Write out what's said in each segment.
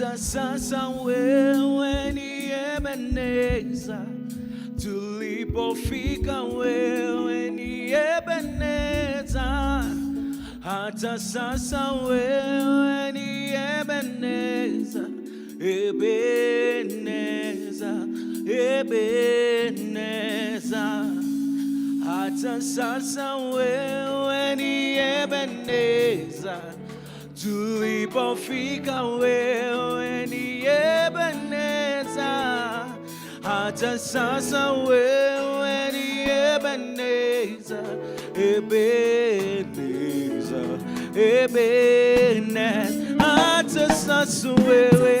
hata sasa wewe ni Ebeneza, tulipofika wewe ni Ebeneza, hata sasa wewe ni Ebeneza, Ebeneza, Ebeneza, hata sasa wewe ni Ebeneza tulipofika wewe ni Ebeneza, hata sasa wewe ni Ebeneza, Ebeneza, Ebeneza, hata sasa wewe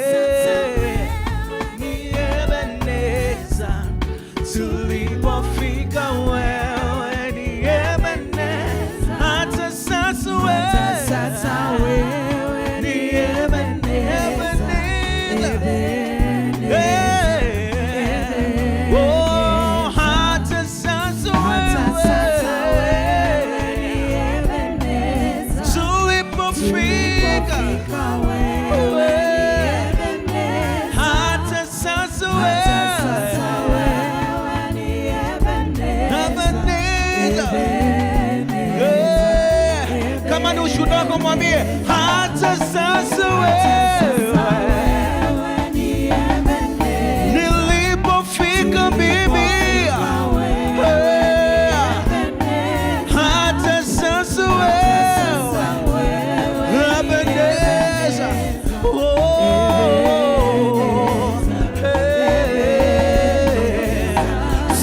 mwambie hata sasa wewe nilipofika mimi oh.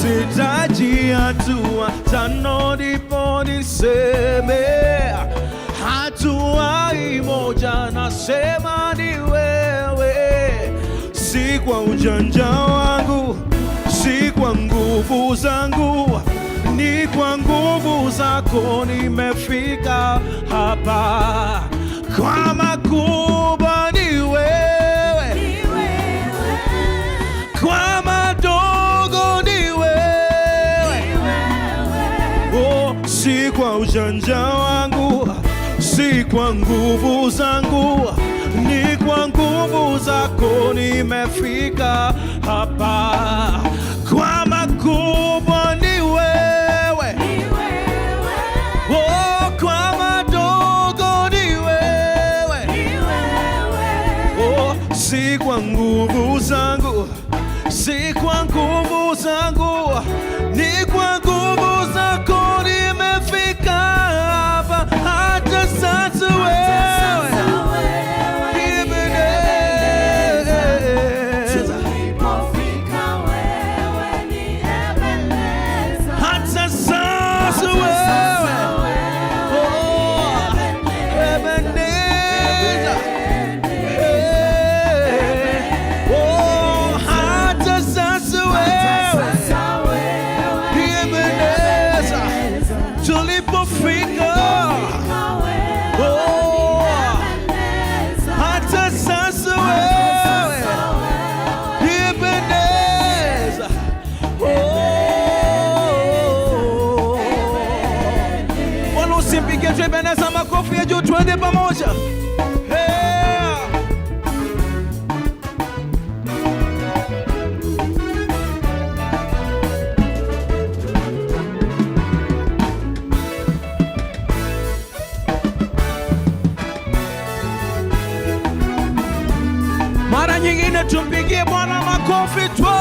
sitaji hatua tano ndipo niseme moja nasema ni wewe, si kwa ujanja wangu, si kwa nguvu zangu, ni kwa nguvu zako nimefika hapa. Kwa makubwa ni wewe, kwa madogo ni wewe, oh, si kwa ujanja wangu kwa nguvu zangu, ni kwa nguvu zako nimefika hapa kwa makubwa Tengeneza makofi ya juu, twende pamoja. Mara nyingine tumpigie Bwana makofi tu.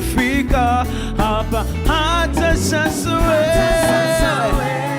nimefika hapa hata sasa wewe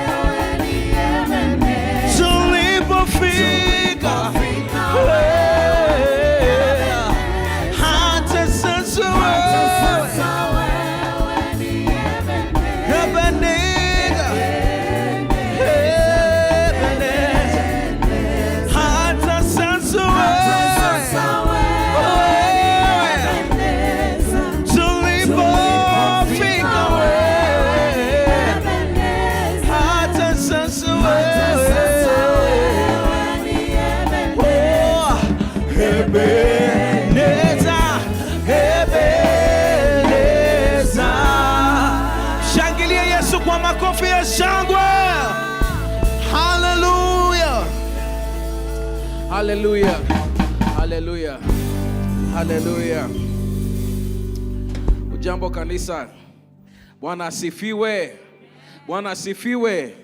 Hallelujah. Hallelujah. Hallelujah. Ujambo kanisa, Bwana asifiwe, Bwana asifiwe.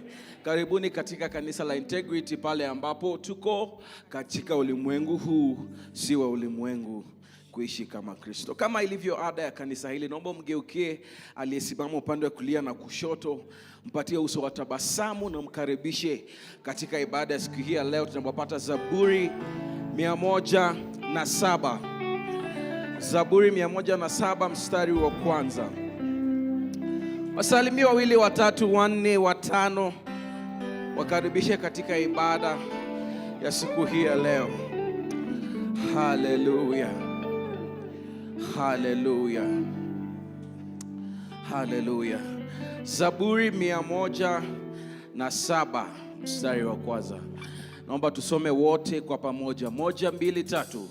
Karibuni katika kanisa la Integrity, pale ambapo tuko katika ulimwengu huu si wa ulimwengu kuishi kama Kristo. Kama ilivyo ada ya kanisa hili, naomba mgeukie aliyesimama upande wa kulia na kushoto, mpatie uso wa tabasamu na mkaribishe katika ibada ya siku hii ya leo tunapopata Zaburi 17 moja na saba Zaburi 17 moja na saba mstari wa kwanza Wasalimia wawili, watatu, wanne, watano wakaribishe katika ibada ya siku hii ya leo. Haleluya. Haleluya, haleluya. Zaburi mia moja na saba mstari wa kwanza. Naomba tusome wote kwa pamoja, moja, mbili, tatu.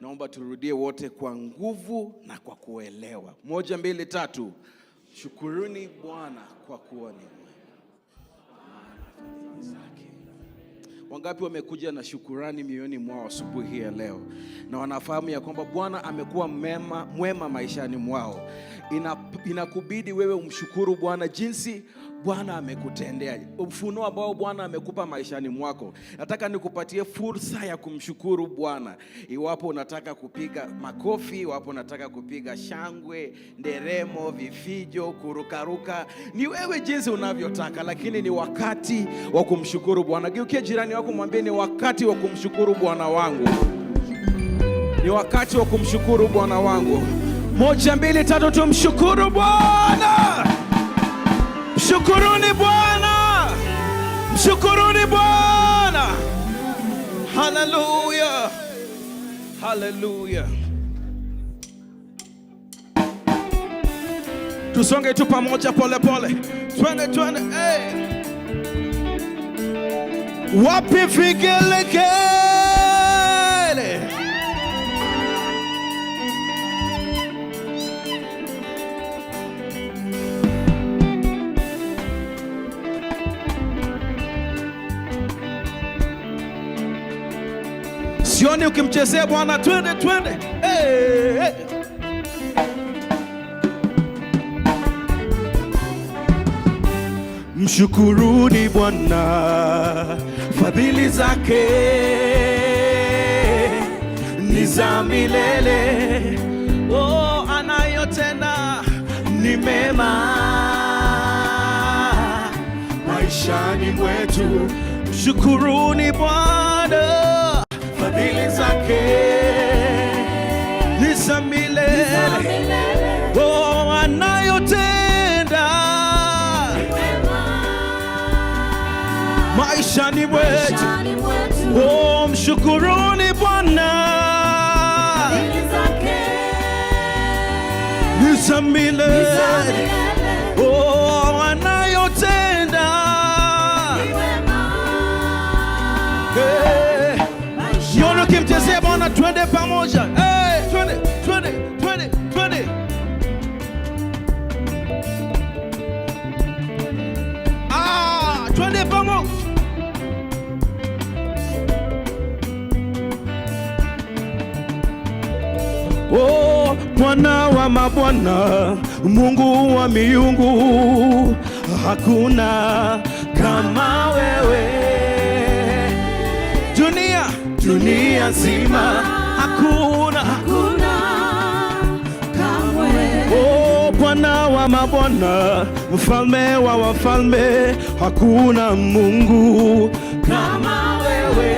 Naomba turudie wote kwa nguvu na kwa kuelewa. Moja, mbili, tatu. Shukuruni Bwana kwa kuwa ni mwema, maana fadhili zake Wangapi wamekuja na shukurani mioyoni mwao asubuhi ya leo, na wanafahamu ya kwamba Bwana amekuwa mwema maishani mwao? Inakubidi wewe umshukuru Bwana jinsi Bwana amekutendea, ufunuo ambao Bwana amekupa maishani mwako. Nataka nikupatie fursa ya kumshukuru Bwana. Iwapo unataka kupiga makofi, iwapo unataka kupiga shangwe, nderemo, vifijo, kurukaruka, ni wewe jinsi unavyotaka, lakini ni wakati wa kumshukuru Bwana. Geukia jirani wako, mwambie ni wakati wa kumshukuru Bwana wangu, ni wakati wa kumshukuru Bwana wangu. Moja, mbili, tatu, tumshukuru Bwana. Mshukuruni Bwana, mshukuruni Bwana. Haleluya, haleluya. Tusonge tu pamoja polepole, twende twende. Hey, eh. wapi vigelegele jioni ukimchezea Bwana, twende twende, hey, hey. Mshukuruni Bwana, fadhili zake ni za milele. Oh, anayotenda ni mema maishani mwetu. Mshukuruni Bwana lake ni za milele. Oh, anayotenda maishani mwetu. Oh, mshukuruni Bwana ni za milele. nimchezee Bwana, twende pamoja, hey, twende, twende, twende, twende. Ah, twende pamoja. Oh, Bwana wa mabwana, Mungu wa miungu, hakuna kama wewe dunia nzima hakuna, hakuna kamwe. Oh, Bwana wa mabwana, mfalme wa wafalme, hakuna Mungu kama wewe.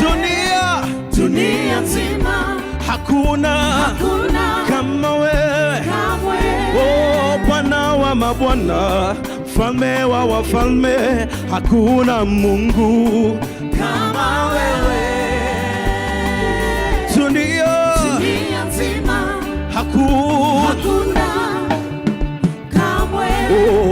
Dunia, dunia nzima hakuna, hakuna kama wewe kamwe. Oh, Bwana wa mabwana, mfalme wa wafalme, hakuna Mungu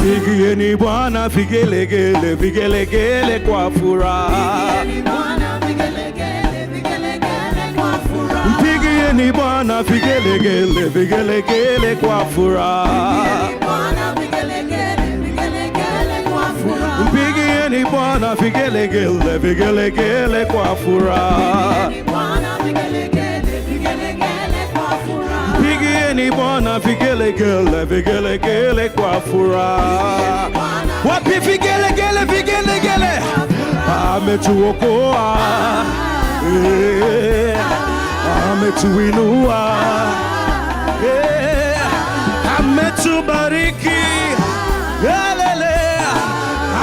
Pigieni Bwana vigelegele, vigelegele kwa furaha. Pigieni Bwana vigelegele, vigelegele kwa furaha. Mpigieni Bwana vigelegele, vigelegele kwa furaha. Msifuni Bwana vigelegele, vigelegele kwa furaha. Wapi vigelegele, vigelegele? Ametuokoa, eh, ametuinua, eh, ametubariki,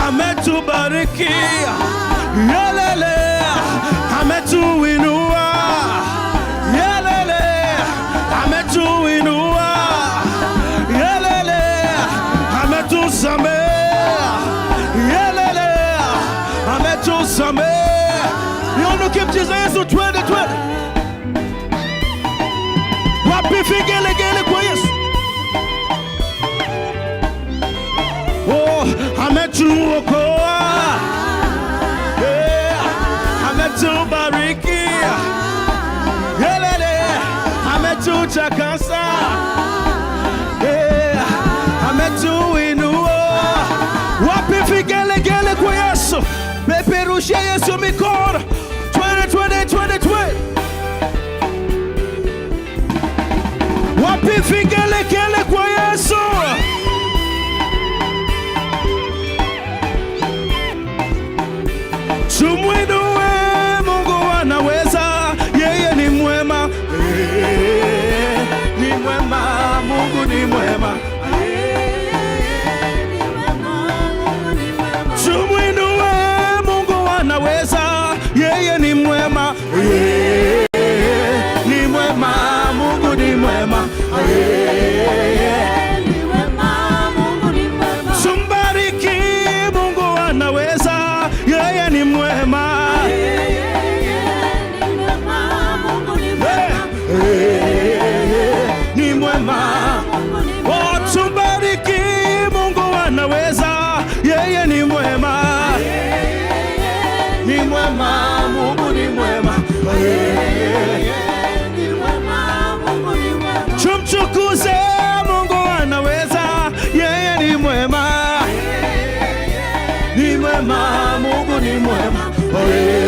ametubariki, ametuinua ametuokoa, ametubariki, ametutakasa, ametuinua. Wapi vigelegele kwa Yesu? Peperusha Yesu mikono, twende twende twende twende. Wapi vigelegele Oh, yeah.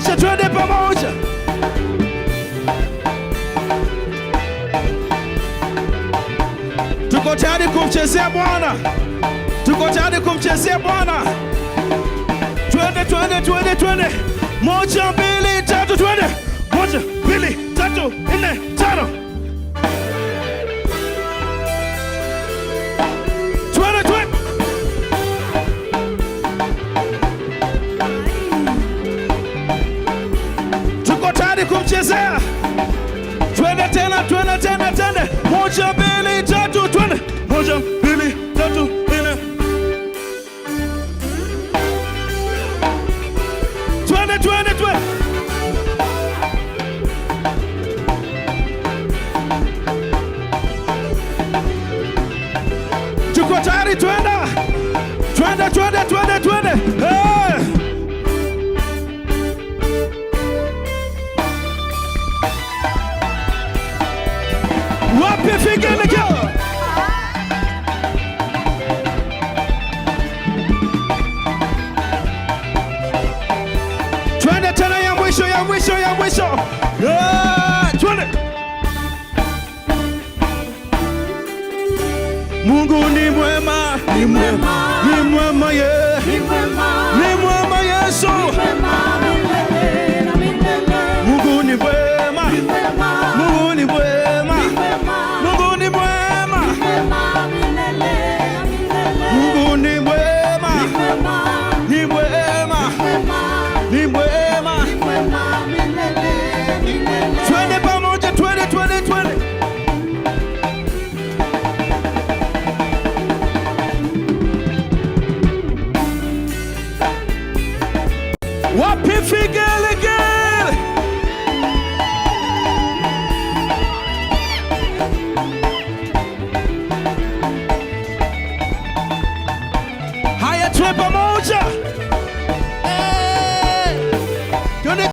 pamoja, twende pamoja. Tuko tayari kumchezea Bwana, tuko tayari kumchezea Bwana. Twende, twende, twende, twende! Moja, mbili, tatu, twende! Moja, mbili, tatu, nne, tano kuchezea. Twende tena, twende tena, twende! Moja, mbili, tatu, twende! Moja